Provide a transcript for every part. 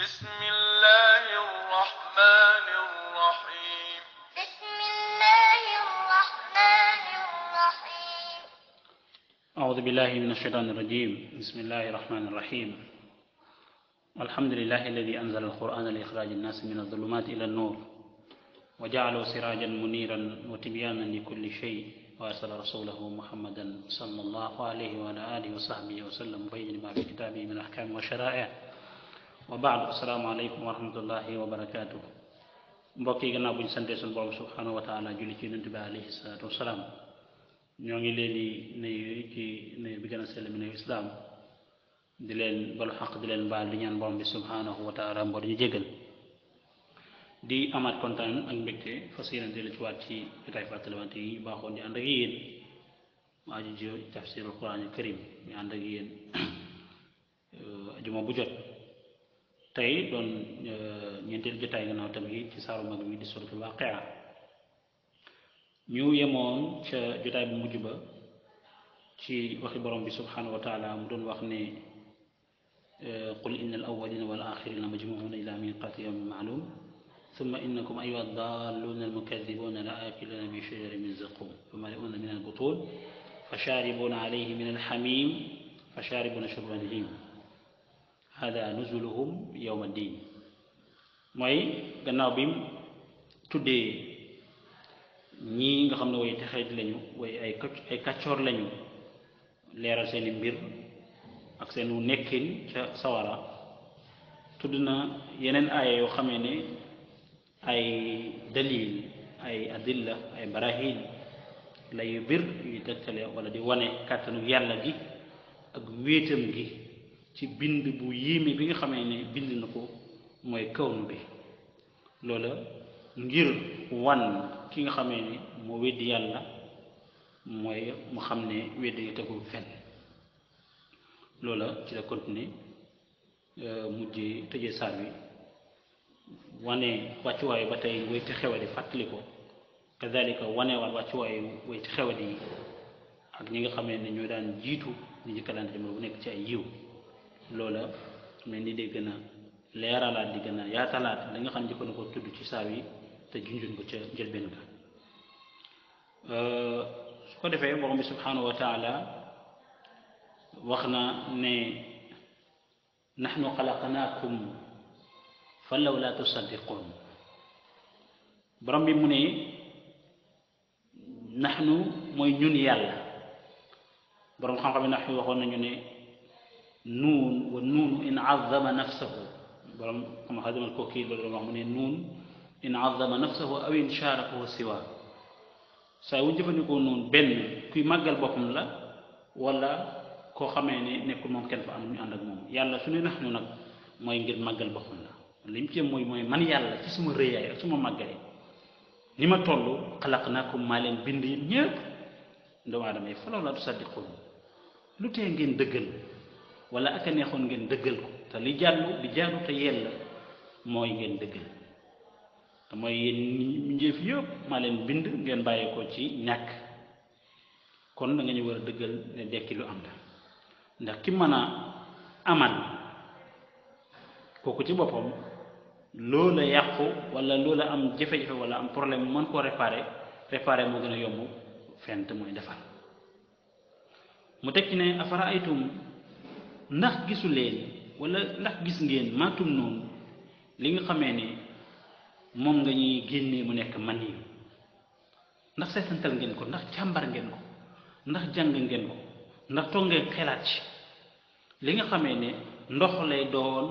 بسم الله الرحمن الرحيم بسم الله الرحمن الرحيم أعوذ بالله من الشيطان الرجيم بسم الله الرحمن الرحيم الحمد لله الذي أنزل القرآن لإخراج الناس من الظلمات إلى النور وجعله سراجا منيرا وتبيانا لكل شيء وأرسل رسوله محمدا صلى الله عليه وعلى آله وصحبه وسلم بين ما في كتابه من أحكام وشرائع wa baadu asalaamaaleykum wa rahmatullahi wa barakaatu mbokk yi gannaaw bu ñu santee suñu borom subhanahu wa taala julli ci yonent bi alayhi salaatu wasalaam ñoo ngi leen di bi gën a sell mi nuyu islaam di leen balu xaq di leen baal di ñaan borom bi subhanahu wa taala mbor ñu jégal di amaat kontaan ak mbégte fas yéene la ci waat ci jotaay fàttaliwante yi baaxoon di ànd ak yéen mu aju ci tafsirul quran karim ñu ànd ak yéen ajuma bu jot tey doon euh, ñeenteel jotaay gannaaw tamit ci saaru mag mi di suratul ba ci waxi borom bi subhanahu wa taala mu doon wax ne euh, qul inna al awalina wal axirina majmuuna ila miqaati yawmin maalum summa innakum ayuha addaaluuna almukadibuna la aakiluna min shajarin min zaqum famaliuna min albutun fa shaaribuuna alayhi min alxamim fa hada nuzuluhum yawma diin mooy gannaaw bi mu tuddee ñii nga xam ne way texeet lañu way ay ay lañu leeral seeni mbir ak seenu nekkin ca sawara tudd na yeneen aaya yoo xamee ne ay dalil ay adilla ay barahin layu bir yuy tegtale wala di wane kàttanu yàlla gi ak wéetam gi ci bind bu yéeme bi nga xamee ne bind na ko mooy kawn bi loola ngir wan ki nga xamee ne moo weddi yàlla mooy mu xam ne weddi nga tegul fenn loola ci la continuer euh, mujje tëjee saar bi wane wàccuwaayu ba tey way ci xewadi fàttali ko kazalika wane waat wàccuwaayu way ci xewadi yi ak ñi nga xamee ne ñoo daan jiitu ñi njëkka daan bu nekk ci ay yiw loola mel ni day gën a di gën a yaatalaat li xam ne jëkkoon na ko tudd ci saaw yi te junjun ko ca njëlbeen ga euh, su ko defee borom bi subhanahu wa taala wax na ne nahnu xalaqnaakum falaw laa tusaddiqoon borom bi mu ne nahnu mooy ñun yàlla borom xam-xam yi nahnu waxoon nañu ne nuun wa nuunu in azama nafsahu borom xam nga ne nuun in azama nafsahu aw in shaarakahu siwa saa wu jëfandikoo nuun benn kuy màggal boppam la wala koo xamee ne nekkul moom kenn fa am ñu ànd ak moom yàlla su ne nax nu nag mooy ngir màggal boppam la li ci mooy mooy man yàlla ci suma rëyaay ak suma màggalee ni ma toll xalaq naa ko maa leen bind yéen ñëpp doomu aadama yi falaw laa lu tee ngeen dëggal wala ak a neexoon ngeen dëggal ko te li jàllu li jàllu te yella mooy ngeen dëggal te mooy yéen njëf yëpp maa leen bind ngeen bàyyi ko ci ñàkk kon da nga ñu war a dëggal ne dekki lu am la ndax ki mën a amal kooku ci boppam loolu loola yàqu wala loola am jafe-jafe wala am problème mën koo réparer réparer moo gën a yomb fent mooy defar mu teg ci ne afara aytum ndax gisu leen wala ndax gis ngeen maatum noonu li nga xamee ne moom nga ñuy génnee mu nekk man yi ndax seetantal ngeen ko ndax càmbar ngeen ko ndax jàng ngeen ko ndax toog xelaat ci li nga xamee ne ndox lay doon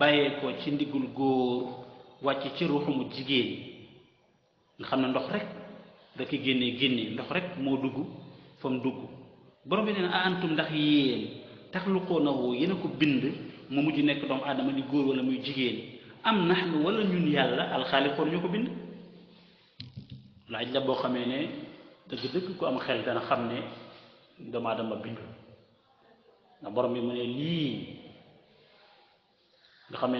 bàyyee ko ci ndigul góor wàcc ci ruuxumu jigéen nga xam ne ndox rek da ki génnee génnee ndox rek moo dugg fa mu dugg borom bi nee na antum ndax yéen ko taxluqoonahu yéen a ko bind mu mujj nekk doomu adama di góor wala muy jigéen am nahnu wala ñun yàlla alxaaliqoon ñoo ko bind laaj la boo xamee ne dëgg-dëgg ku am xel dana xam ne doomu aadama bindu nga borom bi mu ne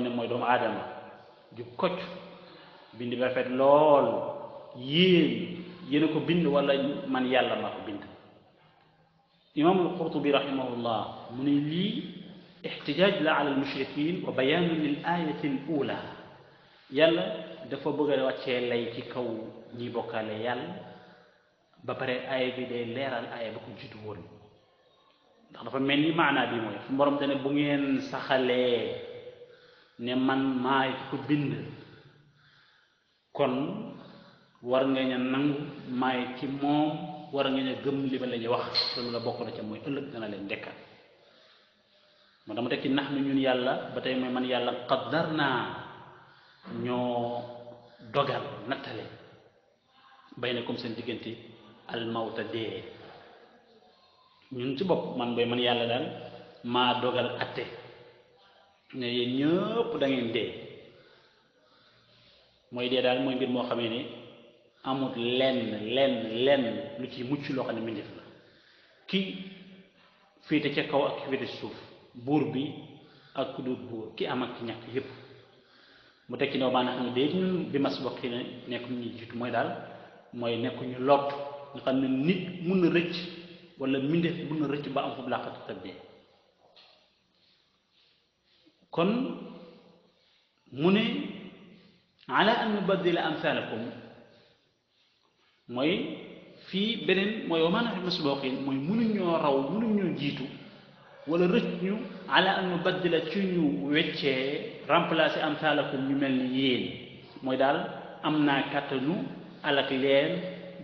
ne mooy doomu aadama ju kocc bind ba fet lool yéen yéen ko bind wala man yàlla maa ko bind imaamul qurtubi rahimahullah mu ne lii ixtijaaj la ala almushrikin wa bayaanu lil ayati al ula yàlla dafa bëgg a wàccee lay ci kaw ñi bokkaale yàlla ba pare aaya bi day leeral aaya ba ko jiitu woon ndax dafa mel ni maanaa bi mooy fu borom dane bu ngeen saxalee ne man maay ko bind kon war nga nangu maay ci moom war nga ñu gëm liman ma la ñu wax loolu la bokk na ca mooy ëllëg dana leen dekkal moo dama tekki nax nu ñun yàlla ba tey mooy man yàlla qaddar naa ñoo dogal nattale bay na comme seen diggante almawta dee ñun ci bopp man booy man yàlla daal maa dogal atte ne yéen ñëpp da ngeen dee mooy dee daal mooy mbir moo xam ne amut lenn lenn lu ci mucc loo xam ne mbindeef la ki féete ca kaw ak ki féete suuf buur bi ak ku dul buur ki am ak ki ñàkk yépp mu tekki ne baa nga xam ne day ñun bi mas bokki ne nekkum ñu mooy daal mooy nekku ñu lott nga xam ne nit mun na rëcc wala mbindeef mun na rëcc ba am fu làqatu tëddee kon mu ne ala an nubaddila amsalakum mooy fii beneen mooy wa maa nahnu mooy mënuñoo raw mënuñoo jiitu wala rëcc ñu ala an nubaddila ci ñu weccee remplacer am taalakum ñu mel ni yéen mooy daal am na kàttanu alak leen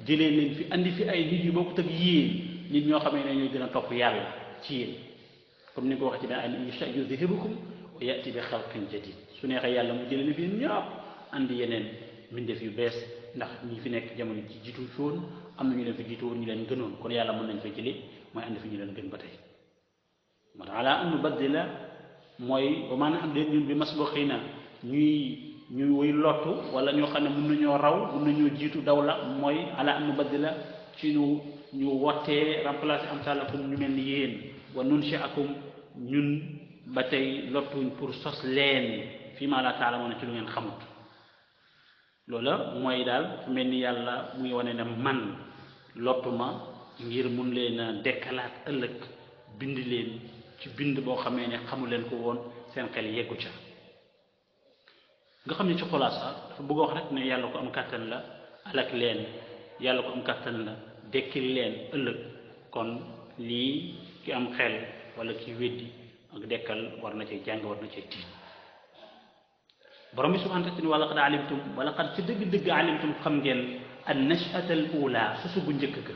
jëlee leen fi andi fi ay nit yu bokkut ak yéen nit ñoo xam ne ñooy gën a topp yàlla ci yéen comme ni ko waxee ci benn in yasha' yuzhibkum wa ya'ti bi xalqin jadid su neexee yàlla mu jëlee leen fi ñëpp andi yeneen mbindeef yu bees. ndax ñi fi nekk jamono ji jiitu fi woon am na ñu leen fi jiitu woon ñu leen gënoon kon yàlla mën nañ fay jële mooy andi fi ñu leen gën ba tey moo tax ala an nubaddila mooy am leen ñun bi mas na ñuy ñu woy lottu wala ñoo xam ne mën nañoo raw mën nañoo jiitu daw la mooy ala an nubaddila ci ñu ñu wottee remplacer am salakum ñu mel ni yéen wa nun si akum ñun ba tey lottuñ pour sos leen fii maa la taala moo ne ci lu ngeen xamut loola mooy daal fu mel ni yàlla muy wane ne man lopp ngir mun leen a dekkalaat ëllëg bind leen ci bind boo xamee ne xamu leen ko woon seen xel yeggu ca nga xam ne ci xulaasa dafa bëgg wax rek ne yàlla ko am kàttan la alak leen yàlla ko am kàttan la dekkil leen ëllëg kon lii ki am xel wala ki weddi ak dekkal war na cee jàng war na cee tiit borom bi subhanahu taala wala qad alimtum wala qad ci dëgg-dëgg alimtum xam ngeen an nachata al ula sosu bu njëkk ga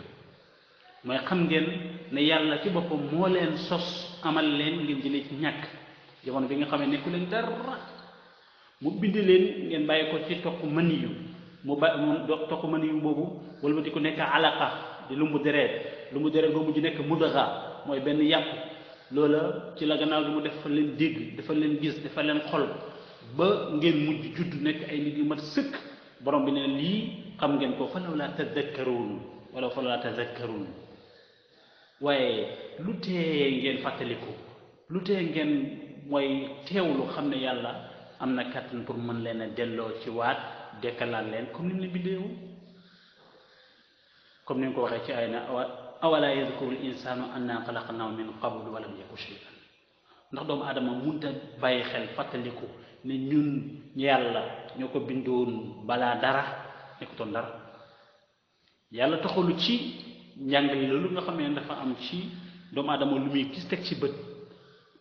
mooy xam ngeen ne yàlla ci boppam moo leen sos amal leen ngeen jëlee ci ñàkk jamono bi nga xam ne nekku leen dara mu bind leen ngeen bàyyi ko ci toq maniyu mu ba mu toq maniyu boobu wala ma di ko nekk alaqa di lumbu dereet lumbu dereet boobu ji nekk mudaxa mooy benn yàpp loola ci la gannaaw bi mu defal leen dégg defal leen gis defal leen xol ba ngeen mujj judd nekk ay nit yu mat sëkk borom bi ne lii xam ngeen ko falaw laa tadakkaruun wala falaw laa tadakkaruun waaye lu tee ngeen fàttaliku lu tee ngeen mooy teewlu xam ne yàlla am na kàttan pour mën leen a delloo ci waat dekkalaat leen comme ni mu leen bindee comme ni nga ko waxee ci ay na awala yadkuru l insaanu anna xalaqnaahu min qablu walam yaku shay'an ndax doomu aadama munta bàyyi xel fàttaliku ne ñun yàlla ñoo ko bindoon balaa dara nekkutoon dara yàlla taxalu ci njàngale loolu nga xam ne dafa am ci doomu aadama lu muy gis teg ci bët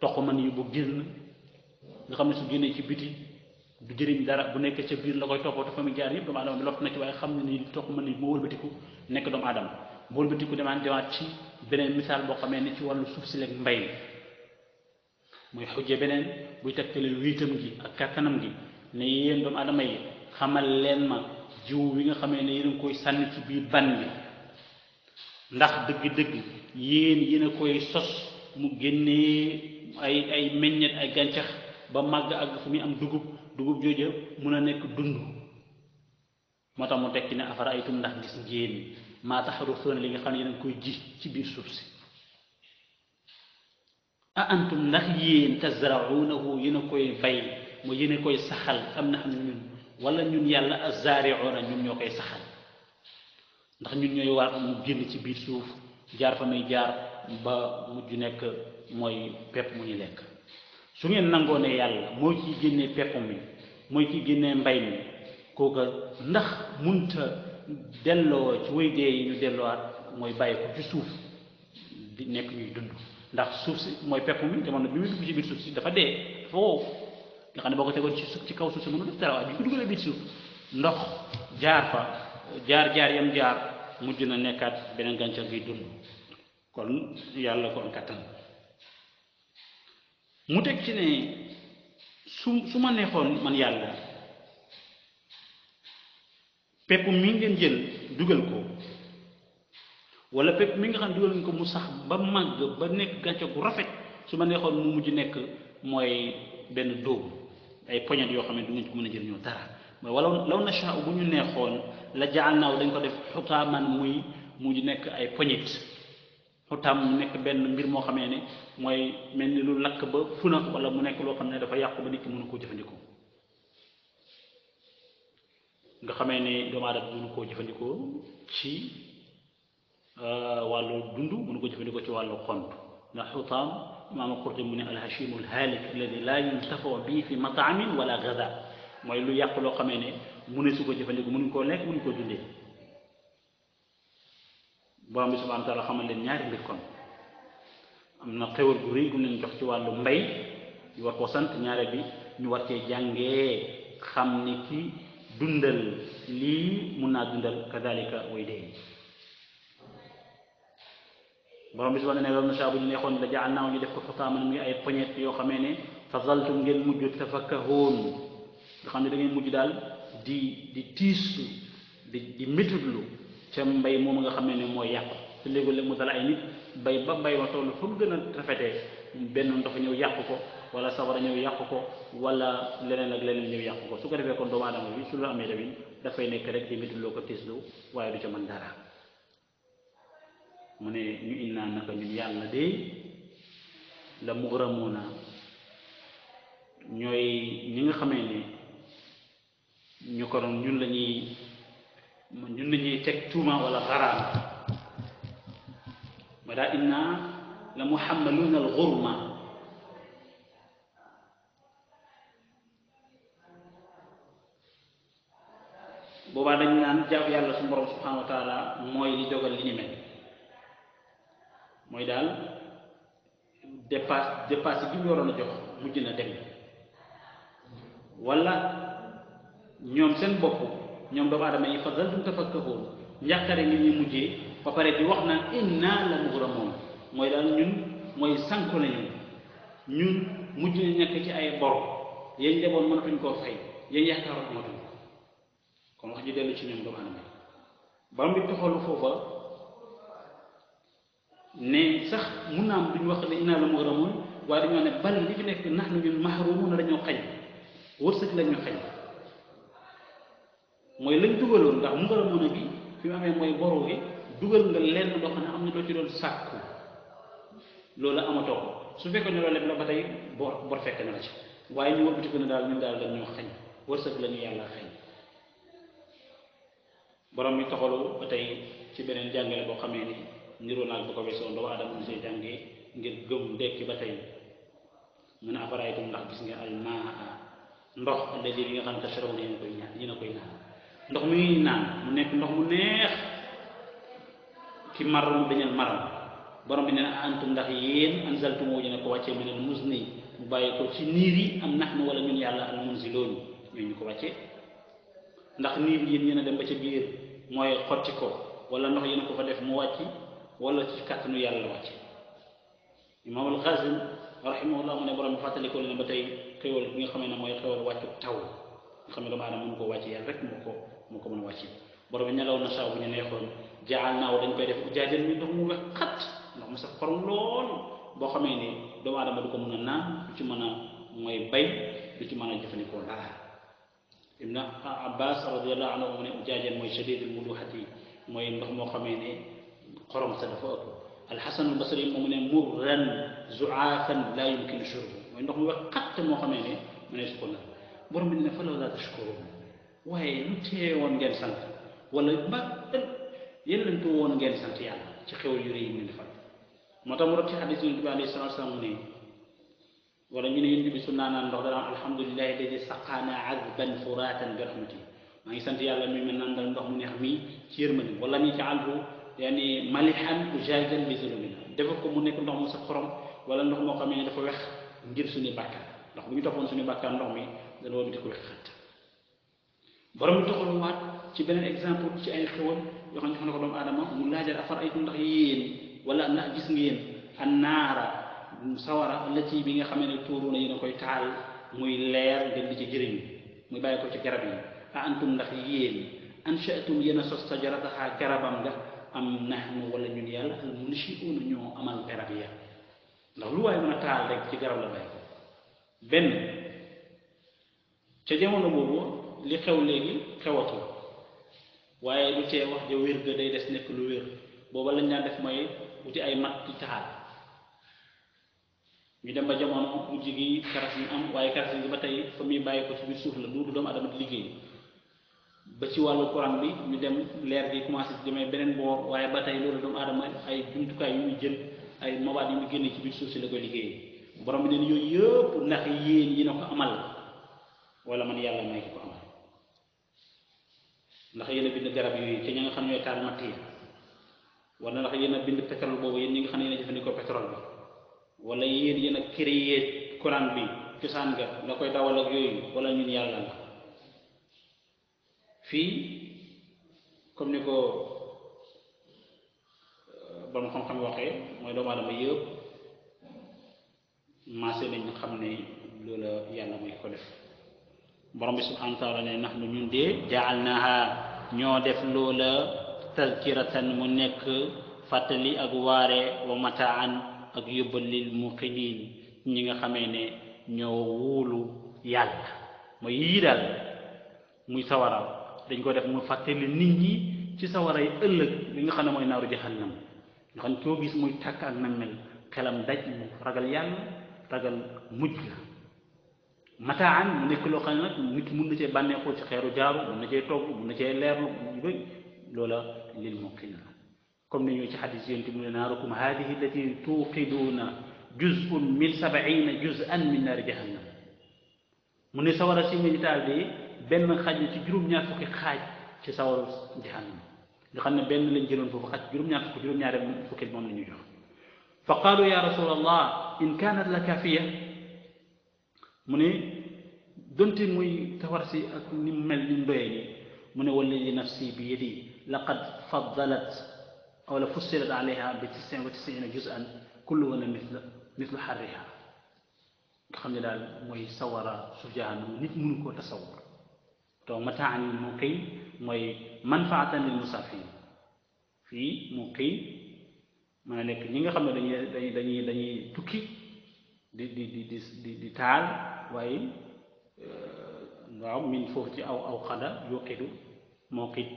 toq man yu bu génn nga xam ne su génnee ci biti du jëriñ dara bu nekk ca biir la koy toppatoo fa muy jaar yëpp doomu aadama bi lott na ci waaye xam ne ni toq man yi moo wëlbatiku nekk doomu aadama mu wëlbatiku demaat demaat ci beneen misaal boo xamee ne ci wàllu suuf si leeg mbay muy xujja beneen buy tegtale wiitam gi ak kàttanam gi ne yéen doomu adama yi xamal leen ma jiw wi nga xame ne yéen koy sànni ci biir ban bi ndax dëgg-dëgg yéen yéen a koy sos mu génnee ay ay meññet ay gàncax ba màgg ak fu muy am dugub dugub jooja mun a nekk dund moo tax mu tekki ne afara aytum ndax gis ngeen maa tax rusoon li nga xam ne yéen a koy ji ci biir suuf si a antum ndax yéen tazraunahu yéen a koy bay mooy yéen koy saxal am na xam ñun wala ñun yàlla azzaariuuna ñun ñoo koy saxal ndax ñun ñooy war mu génn ci biir suuf jaar fa muy jaar ba mujj nekk mooy pepp mu ñu lekk su ngeen nangoo ne yàlla moo ciy génnee pepp mi mooy ci génnee mbay mi kooka ndax munta delloo ci way dee yi ñu delloowaat mooy bàyyi ko ci suuf di nekk ñuy dund ndax suuf si mooy pepp mi jamono bi muy dugg ci biir suuf si dafa dee dafa nga xam ne boo ko tegoon ci suuf ci kaw suuf si mënu def dara bi ko suuf ndox jaar fa jaar jaar yam jaar mujj na nekkaat beneen gàncax gi dund kon yàlla ko am kàttan mu teg ci ne su su ma neexoon man yàlla pepp mi ngeen jël dugal ko wala pepp mi nga xam ne dugal nañ ko mu sax ba màgg ba nekk gàncax gu rafet su ma neexoon mu mujj nekk mooy benn dóobu ay poñet yoo xam ne du ngeen ko mën a bu ñu neexoon la jaal naaw dañ ko def xutaaman muy mujj nekk ay poñet xutaam nekk benn mbir moo xamee ne mooy mel ni lu lakk ba funa wala mu nekk loo xam ne dafa yàqu ba nit ki mënu koo jëfandikoo nga xamee ne doomu aadama koo jëfandikoo ci Euh, wàllu dund mën ko jëfandikoo ci wàllu kont ndax xutaam imaam Xurtubi mu ne alhachimu alhaalik alladi laa yuntafau bii fi mataamin wala gaza mooy lu yàq loo xamee ne mu ne su ko jëfandikoo mënuñ ko lekk mënuñ koo dundee borom bi subhaanahu wa taala xamal leen ñaari mbir kon am na xewal gu rëy gu nañ jox ci wàllu mbay ñu war ko sant ñaare bi ñu war cee jàngee xam ne ki dundal lii mun naa dundal kadalika way dee borom bi subhaanahu ne loolu bu ñu neexoon la jaal naaw ñu def ko xutaaman muy ay poñet yoo xamee ne fa zaltum ngeen mujj tafakkahoon nga xam ne da ngeen daal di di tiisu di di métudlu ca mbay moom nga xamee ne mooy yàqu te léegi mu dal ay nit bay ba bay ba toll fu mu gën a rafetee benn ndox ñëw yàqu ko wala sawara ñëw yàqu ko walla leneen ak leneen ñëw yàqu ko su ko defee kon doomu aadama bi su lu amee tamit dafay nekk rek di métudloo ko tiislu waaye du ca mën dara mu ne ñu innaa naka ñun yàlla de la mugramuuna ñooy ñi nga xamee ni ñu ko doon ñu la ñuy ñun la ñuy teg tuuma wala xaraam ma daa innaa la muhammaluuna al xurma boobaa dañu naan jaab yàlla su borom subhanahu wa mooy li dogal li ñu mel mooy daal dépasse dépasse bi mu waroon a jox mujj na dem wala ñoom seen bopp ñoom doomu aadama yi fa zaltum tafakkahuun njàqare ngi ñu mujjee ba pare di wax naan inna la mughramuun mooy daal ñun mooy sànku nañu ñun mujj na nekk ci ay bor yéen deboon mënatuñ koo fay yéen yaakaaroon mënatuñ kon ci yi ba mu toxalu foofa ne sax mun naa am duñu wax ne inaa la muhramuun waaye dañoo ne bal li fi nekk nahnu ñun mahruumuun dañoo xañ wërsëg lañu xañ mooy lañ dugaloon ndax muhramuuna mu gi dugal nga lenn loo xam ne am na doo ci doon sàkku loolu amatoo su fekkoon ne loolu lépp ba tey bor bor fekk na waaye ñu wëlbatiku daal ñun daal dañoo xañ wërsëg lañu yàlla xañ borom bi toxalu ba tey ci beneen jàngale boo xamee nii niroo naag ba ko weesoon la wa adama mu see jàngee ngir gëm dekki ba tey mu ne afaraytum ndax gis nga al maa ndox alladi bi nga xam ne naan ndox mi ñuy mu nekk ndox mu neex ki mar mu dañal maram borom bi ne antum ndax yéen anzaltumoo yéen a ko wàccee minal muzni mu bàyyi ko ci niir yi am nax nu wala ñun yàlla al munziloon ñoo ñu ko wàccee ndax niir yéen yéen a dem ba ca biir mooy xotti ko wala ndox yéen ko fa def mu wàcc wala ci kàttanu yàlla la wàcc imaamul Xaazim rahimahullah mu ne borom fàttalikoo na ba tey xéwal bi nga xam ne mooy xéwal wàccu taw nga xam ne doomu aadama mënu koo wàcce yàlla rek ko moo ko mën a wàcce na saa bu ñu neexoon jaal dañ koy def jaajël mi ndox mu wex xat ndox mu sax xorom lool boo xamee ne doomu aadama du ko mën a naan du ci man a mooy bay du ci mën a jëfandikoo dara ibn Abbas radiyallahu anhu mu ne jaajël mooy shadidul muluhati mooy ndox moo xamee ne xorom sa dafa ëpp alxasanul basri moomu ne murran zuaafan laa yumkin shurbu mooy ndox mu wax xatt moo xamee ne mu ne su ko naan borom bi ne fa law laa tashkuruun waaye lu teewoon ngeen sant wala ma yéen lañ ko woon ngeen sant yàlla ci xewal yu rëy yi mu defal moo tax mu rot ci xadis yonent bi alayhi salaatu salaam mu ne wala ñu ne yonent bi su naanaan ndox dana am alhamdulilahi alladi saqaana azban furaatan bi rahmati maa ngi sant yàlla mi ma naan dal ndox mu neex mi ci yërmande wala ñu jaalhu yani malihan jajan bi zulumina dafa ko mu nekk ndox mu sa xorom wala ndox moo xam ne dafa wex ngir suñu bàkkaar ndax bu ñu toppoon suñu bàkkaar ndox mi dana woo borom ci beneen exemple ci ay xewal yoo xam ne jox na ko doomu aadama mu laajal afar ay ndax yéen wala ndax gis ngeen annaara sawara lati bi nga xam ne tuuru na koy taal muy leer ngeen di ci jëriñu muy bàyyi ko ci garab yi a antum ndax yéen anshaatum yéen a sos sajarataha garabam nga am nahnu wala ñun yàlla al munshi'una ñoo amal garab ya ndax lu waay mën ci garab la benn ca jamono boobu li xew léegi xewatul waaye lu cee wax ja wér ga day des nekk lu wér booba lañ daan def mooy wuti ay mat di ñu dem ba jamono mujj gi karas yi am waaye karas yi ba tey fa muy bàyyi ko ci biir suuf la duudu doomu adama di liggéey ba ci wàllu courant bi ñu dem leer gi commencé di demee beneen boor waaye ba tey loolu doomu aadama ay jumtukaay yu muy jël ay mabaat yu muy génne ci biir suuf si la koy liggéey borom bi neen yooyu yëpp ndax yéen yi na ko wala man yàlla may ko a bind garab yooyu te ña nga xam ñooy taal matt yi wala ndax yéen a bind pétrole boobu yéen ñi xam ne yéen a jëfandikoo pétrole bi wala yéen yéen a créé courant bi cosaan ga nga koy dawal ak yooyu wala ñun yàlla la fii comme ni ko euh, borom xam-xam waxee mooy doomu aadama yëpp maase nañ xam ne loola yàlla mooy ko def borom bi subhanahu wa taala ne nax nu ñun dee jaalnaha ñoo def loola tazkiratan mu nekk fàttali ak waare wa mataan ak yóbbal lil muqinin ñi nga xamee ne ñoo wóolu yàlla mooy yii daal muy sawara dañ ko def mu fàttali nit ñi ci sawaray ëllëg li nga xam ne mooy naaru jahannam nga xam koo gis muy tàkk ak nag mel xelam daj mu ragal yàlla ragal mujj la mataan mu nekk loo xam ne nag nit mun na cee bànneexoo ci xeeru jaaru na cee togg mun na cee leerlu yu bëri loola lil muqin la comme ni ci xadis yéen mu ne naarukum haadihi allati tuuqiduuna juzun min sabaina juzan min naari jahannam mu ne sawara si muy taal benn xaj ci juróom-ñaar fukki xaaj ci sawar jahannam nga xam ne benn lañ jëloon foofu xaj juróom-ñaar fukki juróom-ñaar fukki moom la ñu jox fa qaalu ya rasul allah in kaanat la kaafiya mu ne donte muy tawar si ak ni mu mel ni mu doyee nii mu ne walladi nafsi bi yadi laqad faddalat aw la fussilat alayha bi tisin wa tisina juz'an kulluhunna mithlu mithlu xarriha nga xam ne daal mooy sawara su jahannam nit mënu koo tasawur ma to mataan muqiim mooy manfaatan lil musafir fii muqiim mën a nekk ñi nga xam ne dañuy dañuy dañuy tukki di di di di di taal waaye waaw euh, min foofu ci aw aw xada yuqidu muqid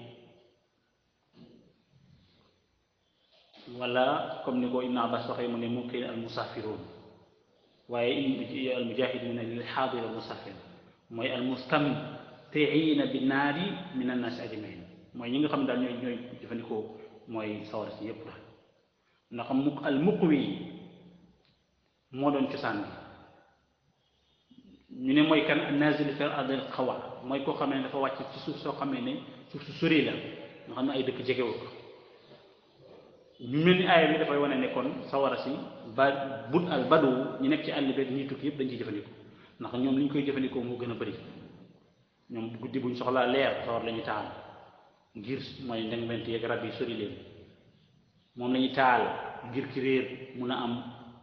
wala comme ni ko Ibn Abbas waxee mu ne muqid al musafiroon waaye al mujahid mu ne lil xaadir al musafir mooy al mustamid te naar yi min annaasi ajmain mooy ñi nga xam ne daal ñooy ñooy jëfandikoo mooy sawar si yépp la ndax mu al muqwi moo doon cosaan bi ñu ne mooy kan nazil fil ardil xawa mooy koo xam ne dafa wàcc ci suuf soo xam ne suuf su sori la nga xam ne ay dëkk jegewul ñu mel ni aaya bi dafay wane ne sawara si ba but al badu ñu nekk ci àll bi ñuy tukki yëpp dañ ciy jëfandikoo ndax ñoom li ñu koy jëfandikoo moo gën a bari ñoom guddi buñ soxlaa leer sawar la ñu taal ngir mooy ndeng-bent rab yi sori leen moom la ñu taal ngir ki réer mun a am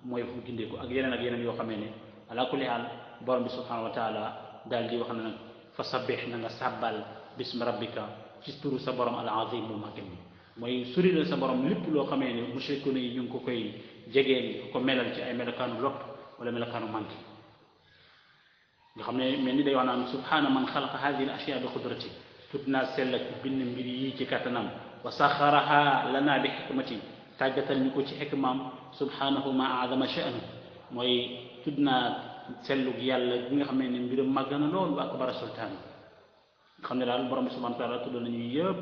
mooy fu gindeeku ak yeneen ak yeneen yoo xamee ne ala kulli haal borom bi subhanahu wa taala di wax na nag fa sabbih na nga sàbbal bismi rabbika ci turu sa borom al azim mu màgg mi mooy sori la sa borom lépp loo xamee ne mushrikuna yi ñu ngi ko koy jegeen ko melal ci ay melokaanu lopp wala melokaanu manqué nga xam ne mel ni day wax naan subhaana man xalaqa hadihi al ashya bi qudrati tut naa sell ak bind mbir yi ci kattanam wa saxaraha lana bi xikmati tàggatal ñu ko ci xikmaam subhaanahu ma azama sha'nu mooy tudd naa sellug yàlla bi nga xam ne mbiram màgg na loolu wa akbara sultaan nga xam ne daal borom subhaanahu wa taala tudd nañu yëpp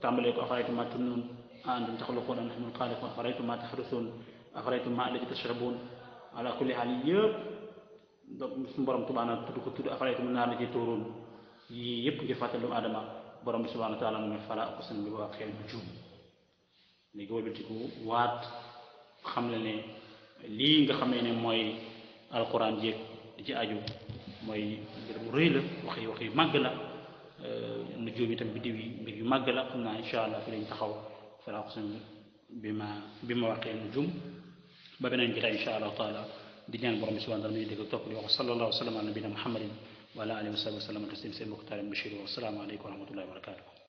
tàmbalee ko afaraytum ma tumnuun a antum taxluquun am nahnu lxaaliquun afaraytum ma taxrusuun afaraytum ma alladi tashrabun ala kulli xaal yëpp donc suñu borom subhaana tudd ko tudd afaraytum naar la ci tóoroon yii yëpp ngir fàttali doomu aadama borom bi subhaana taala mu ne fala aqsimu bi waaqi'il nujuum léegi wëlbatiku waat xam ne lii nga xamee ne mooy alquran jéeg ci aju mooy mbir mu rëy la wax yi wax yu màgg yi mbir yu màgg la xam naa incha allah taxaw fala aqsimu bi ma bi ma ba beneen jotaay incha allah taala di ñaan borom bi subhanahu wa taala ñu dégg topp di wax sallallahu wa sallam ala nabina muhammadin wa ala alihi wa sahbihi wa sallam taslim seen mbokk taalim Bachir wa salaamu aleykum wa rahmatullahi wa barakatuh